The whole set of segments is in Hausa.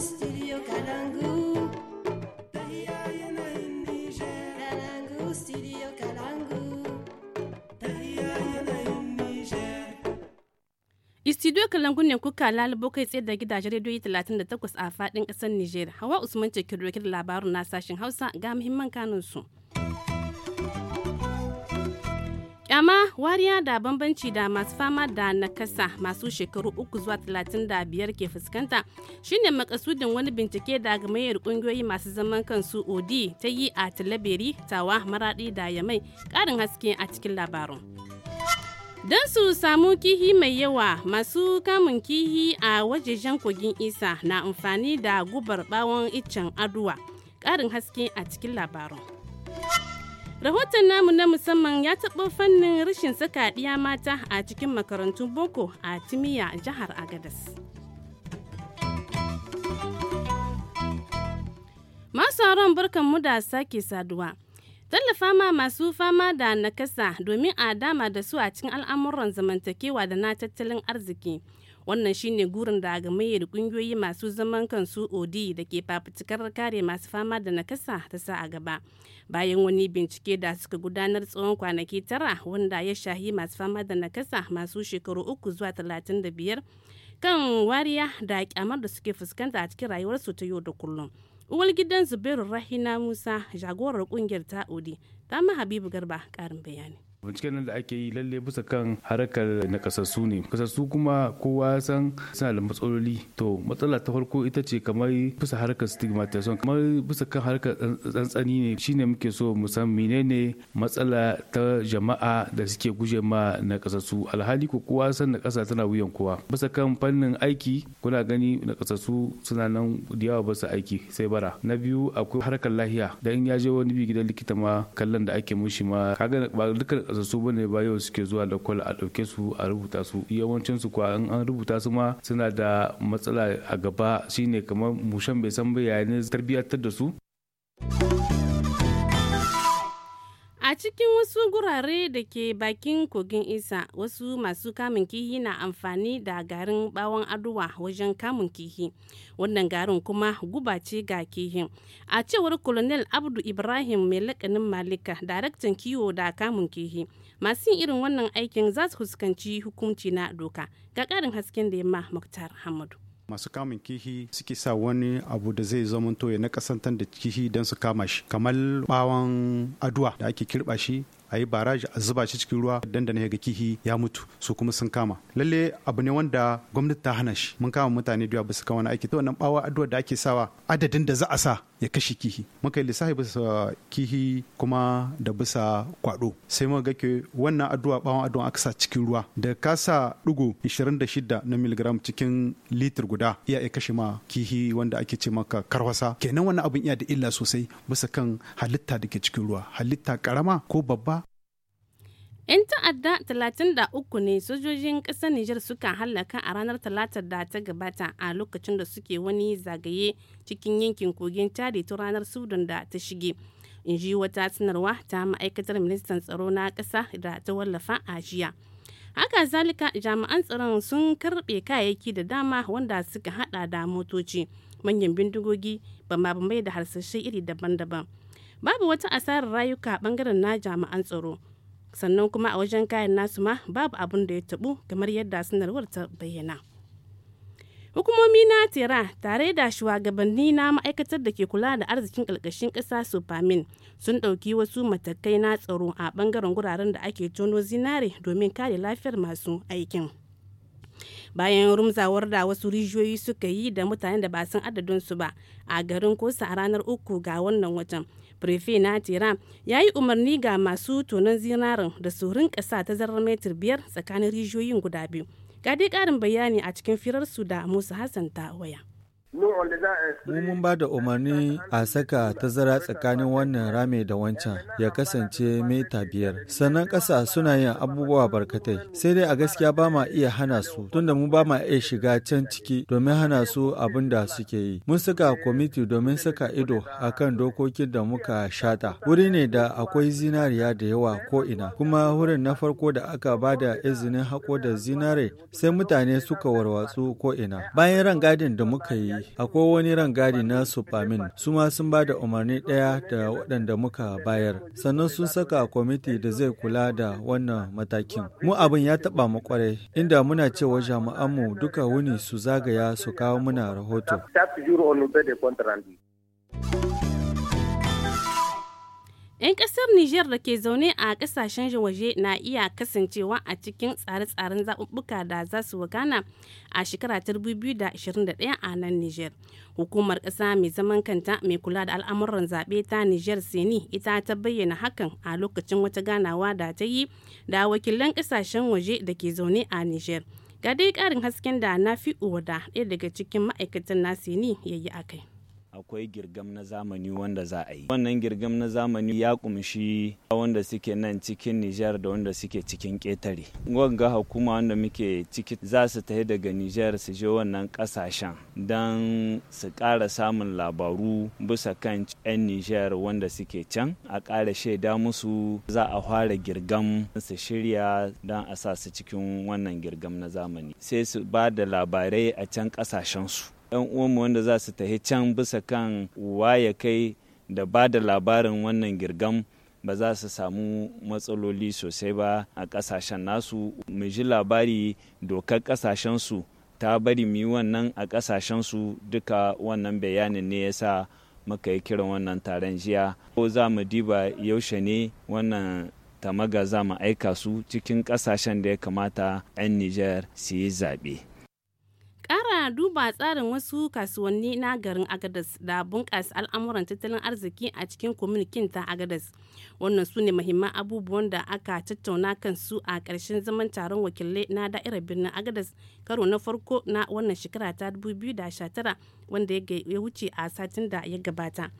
Istidiyo Kalangu. Kalangu ne kuka lalubo kai tsaye da gidajen rediyoyi 38 a fadin ƙasar Nijar. Hawa Usman ce ke da labarin na sashen Hausa ga muhimman kanunsu. yama wariya da bambanci da masu fama da nakasa masu shekaru uku zuwa talatin da biyar ke fuskanta shine makasudin wani bincike da gamayyar kungiyoyi masu zaman kansu odi ta yi a talaberi tawa maradi da yamai karin haske a cikin labarin don su samu kihi mai yawa masu kamun kihi a wajejen kogin isa na amfani da gubar bawon iccen aduwa karin haske a cikin labarun. Rahoton namu na musamman ya taɓo fannin rashin saka ɗiya mata a cikin makarantun boko a Timiya jihar Agadas. Masu auren barkan mu da sake saduwa. Tallafa ma masu fama da nakasa domin a dama da su a cikin al'amuran zamantakewa da na tattalin arziki. wannan shine gurin da gamaye da kungiyoyi masu zaman kansu odi da ke fafutukar kare masu fama da nakasa ta sa a gaba bayan wani bincike da suka gudanar tsawon kwanaki tara wanda ya shahi masu fama da nakasa masu shekaru uku zuwa talatin da biyar kan wariya da kyamar da suke fuskanta a cikin rayuwarsu ta yau da kullum uwar gidan zubairu rahina musa jagorar kungiyar ta odi ta ma habibu garba karin bayani binciken da ake yi lalle bisa kan harkar na kasassu ne kasassu kuma kowa san suna da matsaloli to matsala ta farko ita ce kamar bisa harkar stigmatization kamar bisa kan harkar tsantsani ne shine muke so mu san menene matsala ta jama'a da suke guje ma na kasassu alhali ko kowa san na kasa tana wuyan kowa bisa kan fannin aiki kuna gani na kasassu suna nan da yawa ba su aiki sai bara na biyu akwai harkar lahiya da in ya je wani bi gidan likita ma kallon da ake mushi ma kaga ba dukkan su bane ba yau suke zuwa da kwal a dauke su a rubuta su yawancin su kuwa an rubuta su ma suna da matsala a gaba shine kamar mushan bai san ba yayin tarbiyyatar da su. A cikin wasu gurare da ke bakin kogin Isa, wasu masu kamun kihi na amfani da garin bawon aduwa wajen kamun kihi. Wannan garin kuma guba ce ga kihin. A cewar Colonel Abdu Ibrahim mai lakanin Malika, daraktan kiwo da kamun kihi. Masu irin wannan aikin za su fuskanci hukunci na doka. Ga ƙarin hasken da ma Muktar Hamadu. masu kamun kihi suke sa wani abu da zai zama zamanto ya tan da kihi don su kama shi kamar bawon aduwa da ake kirba shi a yi baraji a zuba shi cikin ruwa da ya ga kihi ya mutu su kuma sun kama lalle abu ne wanda gwamnati ta hana shi mun kama mutane biyu ba su kama wani aiki to wannan bawa addu'a da ake sawa adadin da za a sa ya kashe kihi muka yi lissafi bisa kihi kuma da bisa kwado sai muka ga ke wannan addu'a bawon addu'a aka sa cikin ruwa da ka sa digo 26 na miligram cikin litir guda iya ya kashe ma kihi wanda ake ce maka karwasa kenan wannan abin iya da illa sosai bisa kan halitta da ke cikin ruwa halitta karama ko babba 'Yan ta'adda 33 ne sojojin ƙasar Nijar suka hallaka a ranar talatar da ta gabata a lokacin da suke wani zagaye cikin yankin kogin tare ta ranar Sudan da ta shige. In ji wata sanarwa ta ma'aikatar ministan tsaro na ƙasa da ta wallafa a jiya. Haka zalika jami'an tsaron sun karɓe kayayyaki da dama wanda suka hada da motoci, manyan bindigogi, bama da harsashe iri daban-daban. Babu wata asarar rayuka bangaren na jami'an tsaro. sannan kuma a wajen kayan nasu ma babu abin da ya tabu kamar yadda sanarwar ta bayyana hukumomi na tera tare da shugabanni na ma'aikatar da ke kula da arzikin ƙarƙashin ƙasa sofamin sun ɗauki wasu matakai na tsaro a ɓangaren guraren da ake tono zinare domin kare lafiyar masu aikin bayan rumzawar da wasu rijiyoyi suka yi da mutanen da ba san su ba a garin kosa a ranar uku ga wannan watan prefe na tera ya yi umarni ga masu tonon zinarin da su rinka sa ta zarar metir biyar tsakanin rijiyoyin guda biyu ga dai karin bayani a cikin firarsu da musa hassan ta waya Mu mun ba da umarni a saka tazara tsakanin wannan rame da wancan ya kasance mita biyar. Sannan ƙasa suna yin abubuwa barkatai. Sai dai a gaskiya ba ma iya hana su tunda mu ba ma iya shiga can ciki domin hana su abin da suke yi. Mun saka kwamiti domin saka ido a kan dokokin da muka shata. Wuri ne da akwai zinariya da yawa ko ina. Kuma wurin na farko da aka ba da izinin hako da zinare sai mutane suka warwatsu ko ina. Bayan gadin da muka yi rangadi akwai wani rangadi na supamin su ma sun ba da umarni ɗaya da waɗanda muka bayar sannan sun saka kwamiti da zai kula da wannan matakin mu abin ya taɓa mu kwarai inda muna cewa mu duka wuni su zagaya su kawo muna rahoto 'Yan ƙasar Niger da ke zaune a ƙasashen waje na iya kasancewa a cikin tsare-tsaren zaɓuɓɓuka da za su wakana a shekara ta 2021 a nan niger. Hukumar ƙasa mai zaman kanta mai kula da al'amuran zaɓe ta niger Seni ita ta bayyana hakan a lokacin wata ganawa da ta yi da wakilan ƙasashen waje da ke zaune a niger. Ga dai ƙarin hasken da na fi da ɗaya daga cikin ma'aikatan na Seni ya yi a kai. akwai girgam na zamani wanda za a yi wannan girgam na zamani ya kumshi wanda suke nan cikin nijar da wanda suke cikin ƙetare wanga hukuma wanda muke ciki za su tafi daga nijar su je wannan ƙasashen don su ƙara samun labaru bisa kan 'yan nijar wanda suke can a ƙara shaida musu za a fara girgam su shirya don a sa su cikin wannan girgam na zamani sai su ba da labarai a can su 'yan uwanmu wanda za su tahi can bisa kan waye kai da ba da labarin wannan girgam ba za su samu matsaloli sosai ba a ƙasashen nasu mu ji labari dokar ƙasashensu ta bari mu wannan a ƙasashensu duka wannan bayanin ne ya sa muka yi kiran wannan taron jiya ko za mu diba yaushe ne wannan tamaga za mu aika su cikin ƙasashen da ya kamata 'yan Nijar su yi zaɓe. duba tsarin wasu kasuwanni na garin agadas da bunƙasa al'amuran tattalin arziki a cikin Kwamunikin ta agadas wannan su ne mahimman abubuwan da aka tattauna kan su a ƙarshen zaman taron wakilai na da'irar birnin agadas karo na farko na wannan shekara ta 2019 wanda ya wuce a satin da ya gabata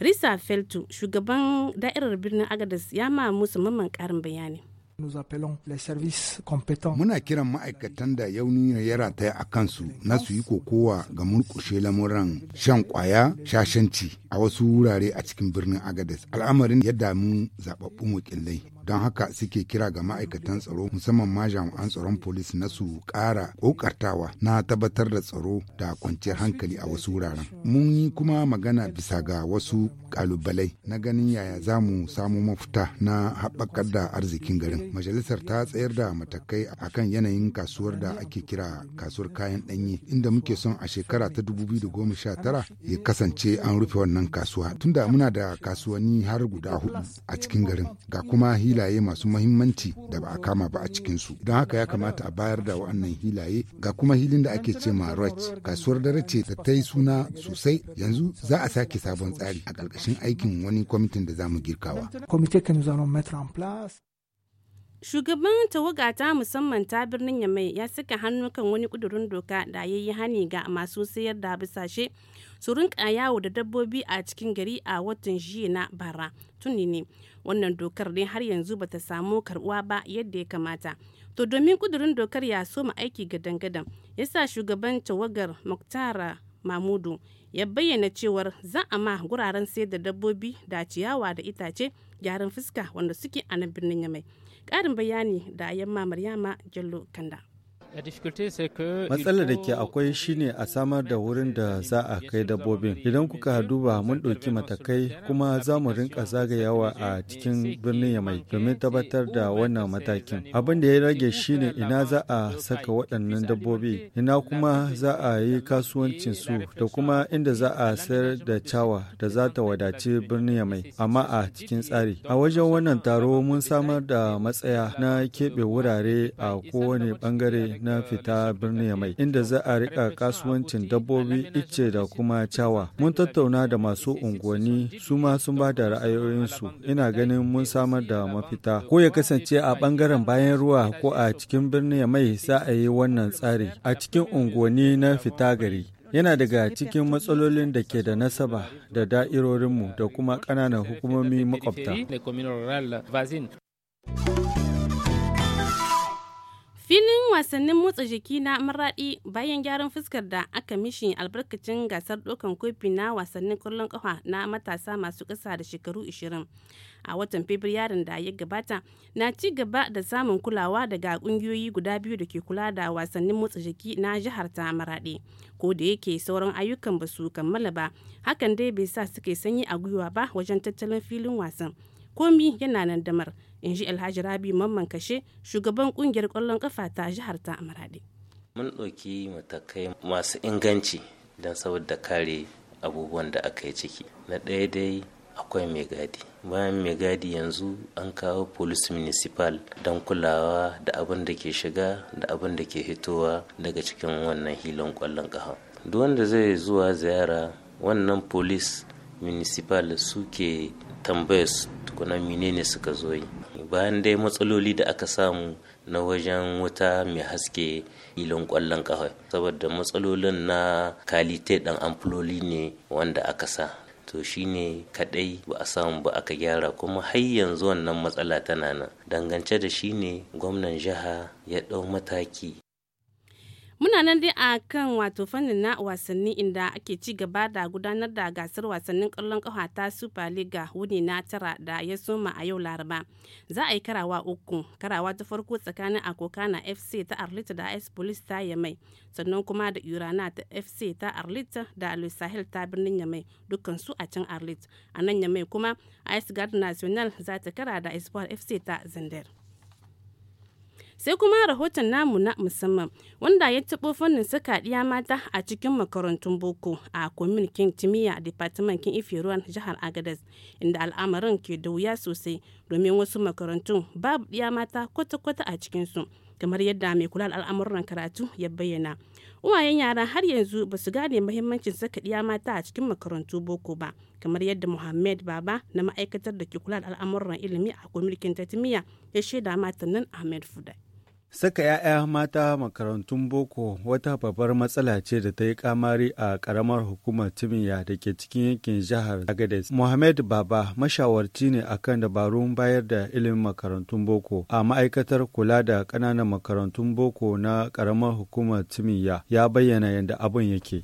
risa feltu shugaban da'irar birnin agadas ya ma musu mamman ƙarin bayani Nous appelons les services compétents. Muna kiran ma'aikatan da yauni ya rataya a kansu na su yi kokowa ga murkushe lamuran shan kwaya shashanci a wasu wurare a cikin birnin Agadez. Al'amarin ya damu zaɓaɓɓun wakilai. don haka suke kira ga ma'aikatan tsaro musamman ma jami'an tsaron polis na su ƙara ƙoƙartawa na tabbatar da tsaro da kwanciyar hankali a wasu wuraren mun yi kuma magana bisa ga wasu ƙalubalai na ganin yaya za mu samu mafita na haɓakar da arzikin garin majalisar ta tsayar da matakai a kan yanayin kasuwar da ake kira kasuwar kayan ɗanye inda muke son a shekara ta da goma sha tara ya kasance an rufe wannan kasuwa tunda muna da kasuwanni har guda hudu a cikin garin ga kuma hila hilaye masu mahimmanci da ba a kama ba a cikinsu don haka ya kamata a bayar da wa'annan hilaye ga kuma hilin da ake ce ma roch kasuwar dare ce da ta yi suna sosai yanzu za a sake sabon tsari a ƙarƙashin aikin wani kwamitin da za mu girkawa Shugaban tawaga ta musamman ta birnin Yamai ya saka hannu kan wani kudurin doka da ya yi hani ga masu sayar da bisashe su rinka yawo da dabbobi a cikin gari a watan jiya na bara tuni ne. wannan dokar ne har yanzu bata samu karbuwa ba yadda ya kamata to domin kudurin dokar ya soma aiki gadan-gadan yasa shugaban tawagar muktara mamudu ya bayyana cewar za a ma guraren sayar da dabbobi da ciyawa da itace gyaran fuska wanda suke a nan birnin yamai karin bayani da yamma maryama jallo kanda Matsalar da ke akwai shine a samar da wurin da za a kai dabbobin. Idan kuka duba mun ɗauki matakai kuma za mu rinka zagayawa a cikin birnin Yamai domin tabbatar da wannan matakin. Abin da ya rage shine ina za a saka waɗannan dabbobi, ina kuma za a yi kasuwancin su da kuma inda za a sayar da cawa da za ta wadaci birnin Yamai, amma a cikin tsari. A wajen wannan taro mun samar da matsaya na keɓe wurare a kowane ɓangare na fita birnin mai inda za a rika kasuwancin dabbobi icce da kuma cawa. Mun tattauna da masu unguwanni su ma sun ba da ra'ayoyinsu. Ina ganin mun samar da mafita. Ko ya kasance a bangaren bayan ruwa ko a cikin birnin mai za a yi wannan tsari. A cikin unguwanni na fita gari. yana daga cikin matsalolin da ke da nasaba da da'irorinmu da kuma ƙananan hukumomi makwabta. filin wasannin motsa jiki na maradi bayan gyaran fuskar da aka mishi albarkacin gasar dokan kofi na wasannin kwallon kafa na matasa masu ƙasa da shekaru 20 a watan fabrairun da ya gabata na ci gaba da samun kulawa daga ƙungiyoyi guda biyu da ke kula da wasannin motsa jiki na jihar ta maradi ko da yake sauran ayyukan ba su kammala ba hakan dai bai sa suke sanyi a gwiwa ba wajen tattalin filin wasan komi yana nan damar in ji alhaji rabi mamman kashe shugaban kungiyar kwallon kafa ta jihar ta amurade mun ɗauki matakai masu inganci don saboda kare abubuwan da aka yi ciki na ɗaya dai akwai mai gadi bayan mai gadi yanzu an kawo polis municipal don kulawa da abin da ke shiga da abin da ke hitowa daga cikin wannan hilon kwallon kafa duk wanda zai zuwa ziyara wannan polis municipal suke tambayar tukuna menene suka zo yi bayan dai matsaloli da aka samu na wajen wuta mai haske ilon kwallon kawai saboda matsalolin na kalite ɗan amfuloli ne wanda aka sa to shi ne kaɗai ba a samu ba aka gyara kuma har yanzu wannan matsala tana nan dangance da shi ne gwamnan jiha ya ɗau mataki muna nan dai a kan wato fannin na wasanni inda ake ci gaba da gudanar da gasar wasannin ƙwallon ƙafa ta super league wuni na tara da ya soma a yau laraba za a yi karawa uku karawa ta farko tsakanin akokana fc ta arlita da s police ta yamai sannan kuma da urana ta fc ta arlita da lusahel ta birnin yamai dukkan su a can arlit a nan yamai kuma ice guard national za ta kara da espoir fc ta zander sai kuma rahoton namu na musamman wanda ya taɓo fannin saka ɗiya mata a cikin makarantun boko a kwamitin kimiyya departamentin ifiruwan jihar agadez inda al'amarin ke da wuya sosai domin wasu makarantun babu ɗiya mata kwata-kwata a cikinsu kamar yadda mai kula da al'amuran karatu ya bayyana uwayen yara har yanzu ba su gane mahimmancin saka ɗiya mata a cikin makarantu boko ba kamar yadda muhammed baba na ma'aikatar da ke kula da al'amuran ilimi a kwamitin tatimiya ya shaida mata nan ahmed fudai Saka 'ya'ya mata makarantun boko wata babbar matsala ce da ta yi kamari a ƙaramar hukumar Timiya da ke cikin yankin jihar Agades. Mohamed Baba mashawarci ne akan dabarun bayar da ilimin makarantun boko a ma'aikatar kula da ƙananan makarantun boko na ƙaramar hukumar Timiya ya bayyana yadda abin yake.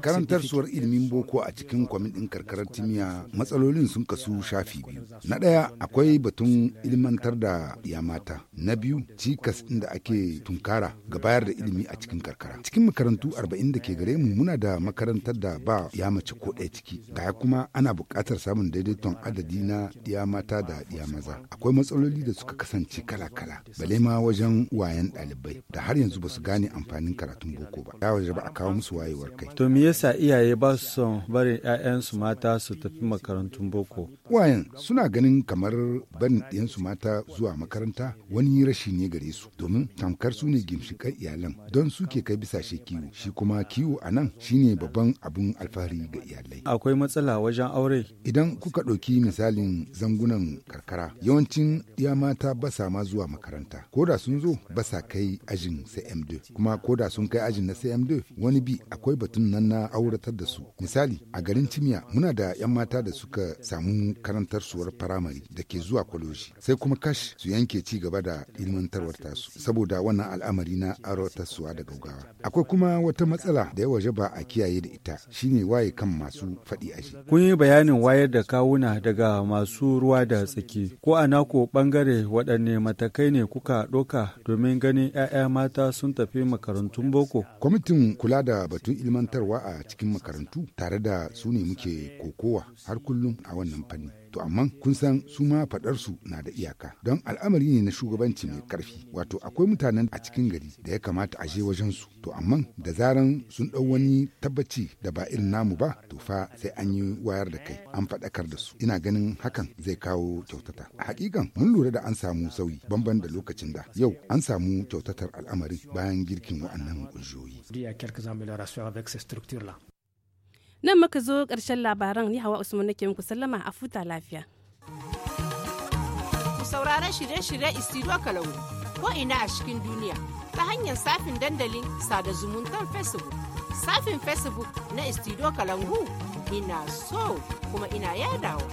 Karantarsuwar ilimin boko a cikin kwamitin karkarar Timiya matsalolin sun kasu shafi biyu. Na ɗaya akwai batun ilimantar da ya mata na biyu cikas inda ake tunkara ga bayar da ilimi a cikin karkara cikin makarantu arba'in da ke gare mu muna da makarantar da ba ya mace ko ɗaya ciki ga kuma ana buƙatar samun daidaiton adadi na ya mata da ya maza akwai matsaloli da suka kasance kala-kala bale ma wajen wayan ɗalibai da har yanzu ba su gane amfanin karatun boko ba ya waje ba a kawo musu wayewar kai to me yasa iyaye ba su son barin 'ya'yansu mata su tafi makarantun boko wayan suna ganin kamar barin ɗiyansu mata zuwa makaranta wani rashi ne gare su domin tamkar su ne ginshikan iyalan don suke kai bisashe kiwo shi kuma kiwo a nan shine babban abun alfahari ga iyalai akwai matsala wajen aure idan kuka ɗauki misalin zangunan karkara yawancin ya mata ba sa ma zuwa makaranta ko da sun zo ba sa kai ajin cm2 kuma ko da sun kai ajin na cm2 wani bi akwai batun nan na auratar da su misali a garin cimiya muna da 'yan mata da suka samu karantar suwar firamare da ke zuwa kwaloji sai kuma kashi su yanke ci gaba da ilmantarwar tasu saboda wannan al'amari na arotarsuwa da gaugawa akwai kuma wata matsala da ya waje ba a kiyaye da ita shine waye kan masu faɗi aji kun yi bayanin wayar da kawuna daga masu ruwa da tsaki ko a nako bangare waɗanne matakai ne kuka ɗoka domin ganin 'ya'ya mata sun tafi makarantun boko kwamitin kula da batun ilmantarwa a cikin makarantu tare da su ne muke kokowa har kullum a wannan fanni to amma kun san su ma faɗar su na da iyaka don al'amari ne na shugabanci mai karfi wato akwai mutanen a cikin gari da ya kamata a je wajen su to amma da zaran sun ɗau wani tabbaci da ba irin namu ba to fa sai an yi wayar da kai an faɗakar da su ina ganin hakan zai kawo kyautata a hakikan mun lura da an samu sauyi bamban da lokacin da yau an samu kyautatar al'amarin bayan girkin wa'annan ƙunshiyoyi. Nan maka zo ƙarshen labaran ni Hawa Usman nake muku sallama a futa lafiya. Ku saurara shirye-shirye Istiro Kalau ko ina a cikin duniya ta hanyar safin dandalin sada zumuntar Facebook. Safin Facebook na Istiro Kalangu ina so kuma ina yadawa.